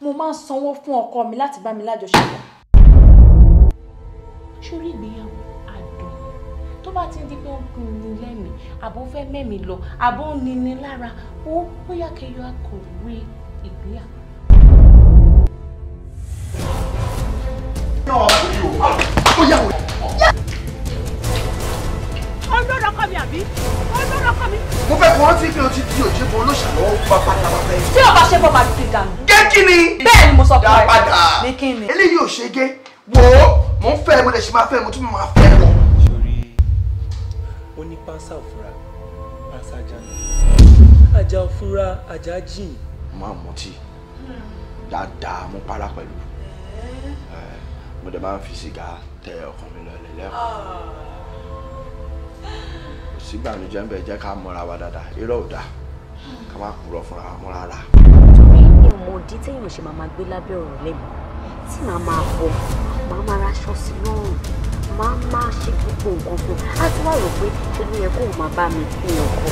mo máa ń sanwó fún ọkọ mi láti bá mi lájọṣepọ̀. sórí ìgbéyàwó àdùn tó bá ti di pé ó dùn ní lẹ́mìí àbó fẹ́ mẹ́mí lọ àbó ń ni ni lára ó bóyá kẹyọ akọ̀wé ìgbéyàwó. ọlọ́rọ̀ kọ́ mi àbí ọlọ́rọ̀ kọ́ mi. mo fẹ́ kọ́ ọ́ tí kí o ti di òjì bọ́ olóṣèlú ọ̀pá pátápátá. tí ọba ṣe bọ́ máa ti dànù ṣé kí ni. bẹ́ẹ̀ ni mo sọ fún ẹ dápadà ní kí ni. eléyìí ò ṣe gé wò ó mò ń fẹ́ mo lè ṣe máa fẹ́ mo tún máa fẹ́ wọ. sori ó ní pánsá òfura pánsá jáde ajá òfura ajá jìn. máa mutí dáadáa mo para pẹ̀lú mo dẹ̀ máa ń fi sìgá tẹ ọkàn mi lọlẹ̀ lẹ́kọ̀ọ́ sígbà ní jẹ́ ń bẹ̀ jẹ́ ká mọ́ra wa dáadáa irọ́ ò dáa ká má kúrọ́ fúnra mọ́ rárá. mo ṣe máa máa gbé lábẹ́ ọ̀rọ̀ lẹ́mí tí màá máa fọ màá máa raṣọ sí lọ́rùn màá máa ṣe gbogbo nǹkan fún un á ti wá rò pé ṣe ló yẹ kóun máa bá mi pín ọkọ.